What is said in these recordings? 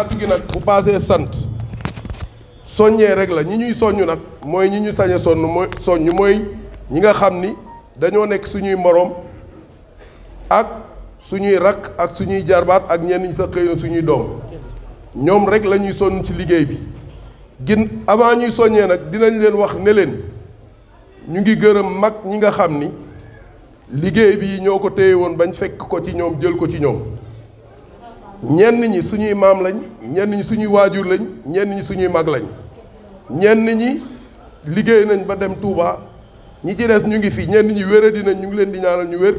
kàddu gi nag bu paasee sant soññee rek la ñi ñuy soññ nag mooy ñi ñu sañ a sonn mooy soññ mooy ñi nga xam ni dañoo nekk suñuy moroom ak suñuy rakk ak suñuy jarbaat ak ñenn ñi sa xëy suñuy doom ñoom rek la ñuy sonn ci liggéey bi gin avant ñuy soññee nag dinañ leen wax ne leen ñu ngi gërëm mag ñi nga xam ni liggéey bi ñoo ko téye woon bañ fekk ko ci ñoom jël ko ci ñoom ñen ñi suñuy maam lañ ñen ñi suñuy wajur lañ ñen ñi suñuy mag lañ ñen ñi liggéey nañ ba dem Touba ñi ci dess ñu ngi fi ñen ñi wéradi nañ ñu ngi leen di ñaanal ñu wér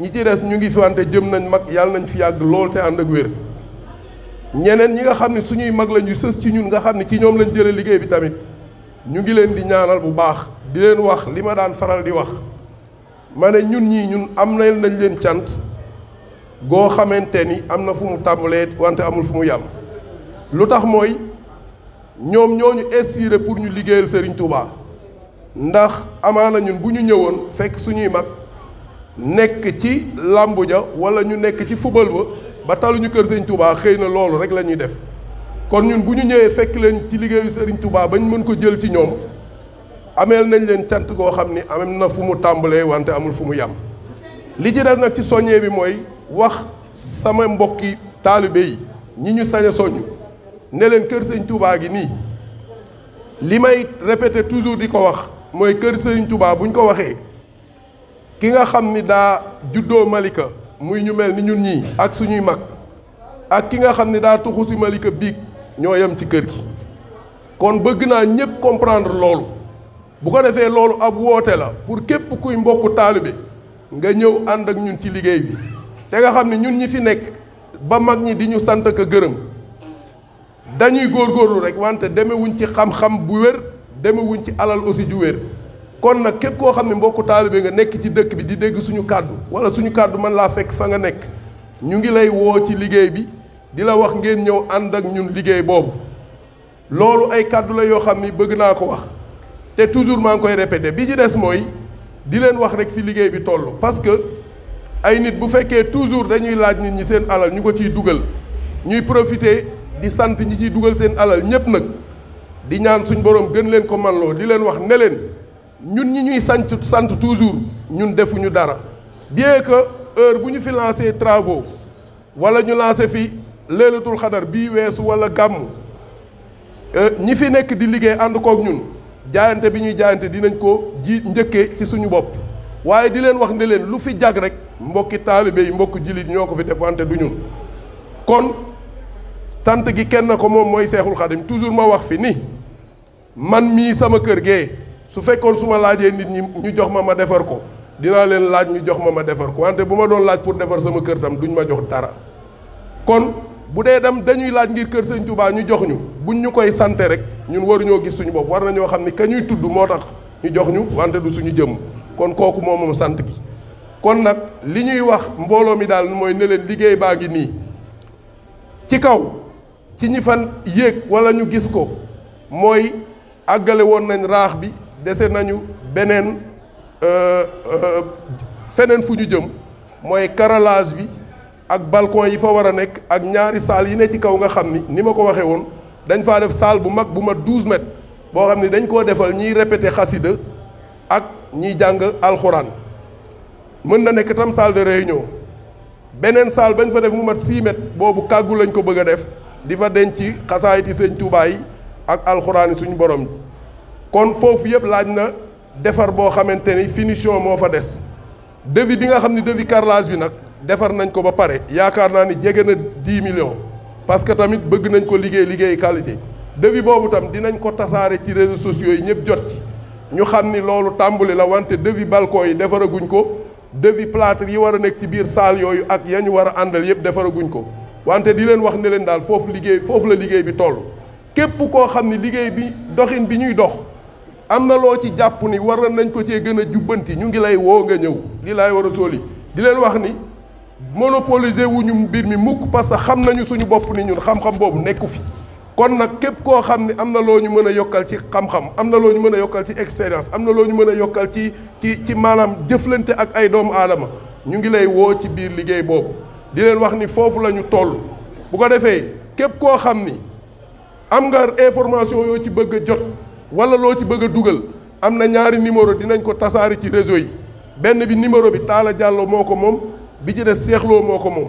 ñi ci dess ñu ngi fi wante jëm nañ mag yal nañ fi yag lool te and ak wér ñenen ñi nga xamni suñuy mag lañ yu sës ci ñun nga xamni ci ñom lañ jëlé liggéey bi tamit ñu ngi leen di ñaanal bu baax di leen wax lima daan faral di wax mané ñun ñi ñun am nañ leen ciant goo xamante ni am na fu mu tàmbalee wante amul fu mu yàmm lu tax mooy ñoom ñooñu ñu pour ñu liggéeyal Serigne Touba ndax amaana ñun bu ñu ñëwoon fekk suñuy mag nekk ci làmbu ja wala ñu nekk ci fubal ba ba taluñu kër Serigne Touba xëy na loolu rek lañuy def kon ñun bu ñu ñëwee fekk leen ci liggéeyu Serigne Touba bañ mën ko jël ci ñoom ameel nañ leen cant goo xam ni am na fu mu tàmbalee wante amul fu mu yàmm li ci des nag ci soññee bi mooy. wax sama mbokki taalibe yi ñi ñu sañ a soññ ne leen kër sëñ Touba gi nii li may répété toujours di ko wax mooy kër sëñ Touba buñ ko waxee ki nga xam ni daa juddoo Malika muy ñu mel ni ñun ñii ak suñuy mag ak ki nga xam ni daa tuxu si Malika biig ñoo yem ci kër gi kon bëgg naa ñëpp comprendre loolu bu ko defee loolu ab woote la pour képp kuy mbokku taalibe nga ñëw ànd ak ñun ci liggéey bi te nga xam ne ñun ñi fi nekk ba mag ñi di ñu sant ak gërëm dañuy góor góorlu rek wante demewuñ ci xam-xam bu wér demewuñ ci alal aussi ju wér kon na képp koo xam ne mbokku taalibe nga nekk ci dëkk bi di dégg suñu kàddu wala suñu kàddu man laa fekk fa nga nekk ñu ngi lay woo ci liggéey bi di la wax ngeen ñëw ànd ak ñun liggéey boobu loolu ay kàddu la yoo xam ni bëgg naa ko wax te toujours maa ngi koy répété bi ci des mooy di leen wax rek fi liggéey bi toll parce que ay nit bu fekkee toujours dañuy laaj nit ñi seen alal ñu dugal ñuy profiter di sant ñi dugal seen alal nag di ñaan suñ borom gën leen ko di leen wax ne leen ñun ñi ñuy toujours ñun defuñu dara bien que heure bu travaux wala ñu lancé fi leelatul xadar bii weesu wala gàmm eh, ñi fi nekk di nous ànd ñun jaayante dinañ ko ji njëkkee ci suñu bopp waaye di leen wax ne leen lu fi mbokki taalibe yi mbokki jullit ñoo ko fi def wante du ñun kon sant gi kenn ko moom mooy seexul xadim toujours ma wax fi ni man mii sama kër gee su fekkoon su ma laajee nit ñi ñu jox ma ma defar ko dinaa leen laaj ñu jox ma ma defar ko wante bu ma doon laaj pour defar sama kër tam duñ ma jox dara kon bu dee dem dañuy laaj ngir kër sañ Touba ñu jox ñu buñ ñu koy sante rek ñun waruñoo gis suñu bopp war na ñoo xam ni ka ñuy tudd moo tax ñu jox ñu wante du suñu jëmm kon kooku moom moom sant gi kon nag li ñuy wax mbooloo mi daal mooy ne liggéey baa ngi nii ci kaw ci ñi fan yéeg wala ñu gis ko mooy àggale woon nañ raax bi dese nañu beneen euh, euh, feneen fu ñu jëm mooy carrelage bi ak balcon yi fa war a nekk ak ñaari saal yi ne ci kaw nga xam ni ni ma ko waxee woon dañ faa def saal bu mag bu mat 12 boo xam ni dañ koo defal ñiy répété xasida ak ñiy jàng alxuraan mën na nekk tam salle de réunion beneen sal bañ fa def mu mat 6 boobu kàggu lañ ko bëgg a def di fa denc xasaayit yi sëñ Tuubaa yi ak alxuraan suñu borom ji kon foofu yëpp laaj na defar boo xamante ni finition moo fa des devis bi nga xam ne devis carrelage bi nag defar nañ ko ba pare yaakaar naa ni jege na 10 millions parce que tamit bëgg nañ ko liggéey liggéey qualité devis boobu tam dinañ ko tasaare ci réseaux sociaux yi ñëpp jot ci ñu xam ni loolu tàmbali la wante devis balcon yi defaraguñ ko. devis plâtre yi war a nekk ci biir saal yooyu ak ya ñu war a àndal yëpp defaraguñ ko wante di leen wax ne leen daal foofu liggéey foofu la liggéey bi tollu képp koo xam ni liggéey bi doxin bi ñuy dox am na loo ci jàpp ni war nañ ko cee gën a jubbanti ñu ngi lay woo nga ñëw lii laay war a sóoli di leen wax ni monopoliser wuñu mbir mi mukk parce que xam nañu suñu bopp ni ñun xam-xam boobu nekku fi kon nag képp koo xam ne am na loo ñu mën a yokkal ci xam-xam am na loo ñu mën a yokkal ci expérience am na loo ñu mën a yokkal ci ci ci maanaam jëflante ak ay doomu aadama ñu ngi lay woo ci biir liggéey boobu di leen wax ni foofu la ñu toll bu ko defee képp koo xam ni am nga information yoo ci bëgg jot wala loo ci bëgg a dugal am na ñaari numéro dinañ ko tasaari ci réseau yi benn bi numéro bi Talla Diallo moo ko moom bi ci des Seexloo moo ko moom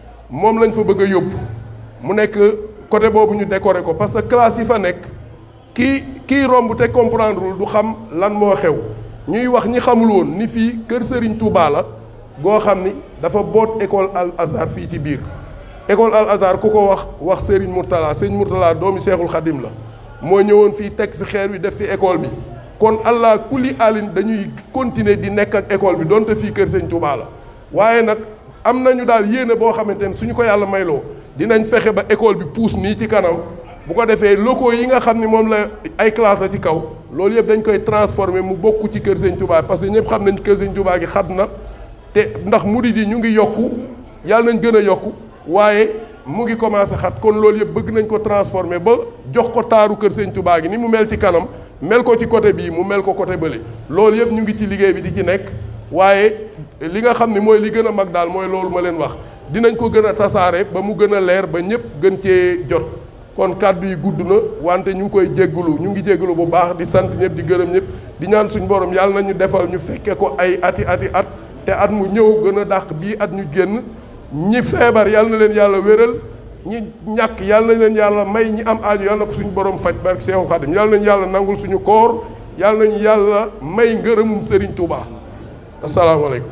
moom lañ fa bëgg a yóbbu mu nekk côté boobu ñu décorer ko parce que classe yi fa nekk kii kii romb te comprendre du xam lan moo xew ñuy wax ñi xamul woon ni fii kër Serigne Touba la goo xam ni dafa boot école Al fii ci biir école Al Azhar ku ko wax wax Serigne Mourtala Serigne Mourtala doomi Cheikhul Khadim la moo ñëwoon fii teg fi xeer wi def fi école bi kon allah kulli alin dañuy continuer di nekk ak école bi donte fii kër Serigne Touba la waaye nag. am ñu daal yéene boo xamante ne suñu ko yàlla mayloo dinañ fexe ba école bi pousse nii ci kanam bu ko defee locaux yi nga xam ni moom la ay ci kaw loolu yëpp dañ koy transformer mu bokk ci kër Sëñ Touba parce que ñëpp xam nañ kër Sëñ Touba gi na te ndax murid yi ñu ngi yokku yàlla nañ gën a yokku waaye mu ngi commencé xat kon loolu yëpp bëgg nañ ko transformer ba jox taaru kër Sëñ Touba gi ni mu mel ci kanam mel ko ci côté bii mu mel ko côté bële loolu yëpp ñu ngi ci liggéey bi di ci nekk waaye. li nga xamni moy li gëna mag dal moy loolu ma leen wax dinañ ko gëna a ba mu gëna ba ñëpp gën ci jot kon kaddu yi gudduna wante ñu ngi koy jéggulu ñu ngi jéggulu bu baax di sant ñëpp di gëreem ñëpp di ñaan suñu borom yalla nañu defal ñu fekke ko ay ati ati at te at mu ñëw gëna dakk bi at ñu génn ñi feebar yalla na leen yalla wéral ñi ñak yalla na leen yalla may ñi am aaju yalla ko suñu borom fajj barke Seexu Xadim yàlla nañu yalla nangul suñu koor yàlla nañu yalla may ngërëmum Serigne Touba alaykum